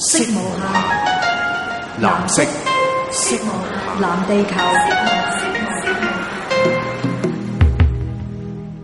色無限，藍色。色無限，藍地球。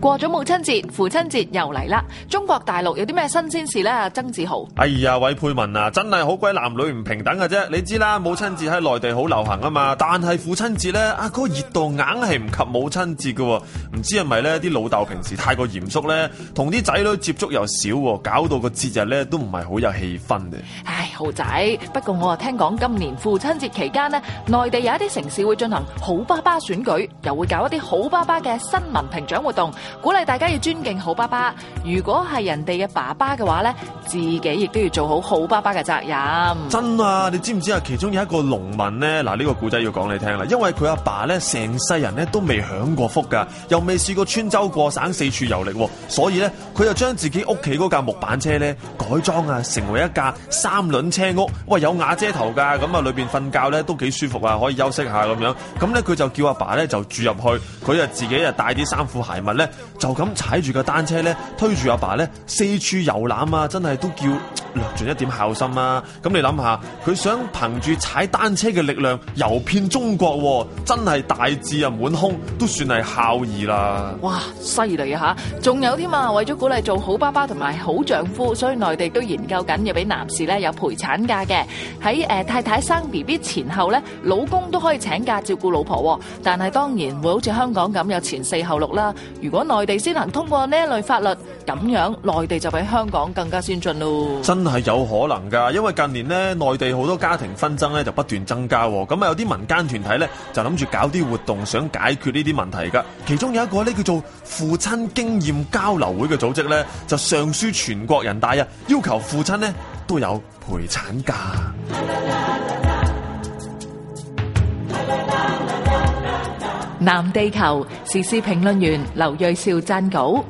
過咗母親節，父親節又嚟啦！中國大陸有啲咩新鮮事咧？曾志豪，哎呀，韋佩文啊，真係好鬼男女唔平等㗎啫！你知啦，母親節喺內地好流行啊嘛，但係父親節咧，啊，嗰個熱度硬係唔及母親節㗎，唔知係咪咧？啲老豆平時太過嚴肅咧，同啲仔女接觸又少，搞到個節日咧都唔係好有氣氛嘅。唉，豪仔，不過我啊聽講今年父親節期間咧，內地有一啲城市會進行好爸爸選舉，又會搞一啲好爸爸嘅新聞評獎活動。鼓勵大家要尊敬好爸爸。如果係人哋嘅爸爸嘅話咧，自己亦都要做好好爸爸嘅責任。真啊，你知唔知啊？其中有一個農民咧，嗱，呢個古仔要講你聽啦。因為佢阿爸咧成世人咧都未享過福噶，又未試過穿州過省四處遊歷，所以咧佢就將自己屋企嗰架木板車咧改裝啊，成為一架三輪車屋。喂，有瓦遮頭噶，咁啊裏邊瞓覺咧都幾舒服啊，可以休息下咁樣。咁咧佢就叫阿爸咧就住入去，佢啊自己啊帶啲衫褲鞋襪咧。就咁踩住架單車咧，推住阿爸咧四處遊覽啊！真係都叫略盡一點孝心啊！咁你諗下，佢想憑住踩單車嘅力量遊遍中國，啊，真係大志啊滿胸，都算係孝義啦！哇，犀利啊吓！仲有添啊，為咗鼓勵做好爸爸同埋好丈夫，所以內地都研究緊要俾男士咧有陪產假嘅。喺誒、呃、太太生 B B 前後咧，老公都可以請假照顧老婆，啊。但係當然會好似香港咁有前四後六啦。如果內內地先能通過呢一類法律，咁樣內地就比香港更加先進咯。真係有可能噶，因為近年咧內地好多家庭紛爭咧就不斷增加，咁啊有啲民間團體咧就諗住搞啲活動，想解決呢啲問題噶。其中有一個呢，叫做父親經驗交流會嘅組織咧，就上書全國人大啊，要求父親呢都有陪產假。啦啦啦啦啦啦啦。藍地球時事評論員劉銳紹撰稿。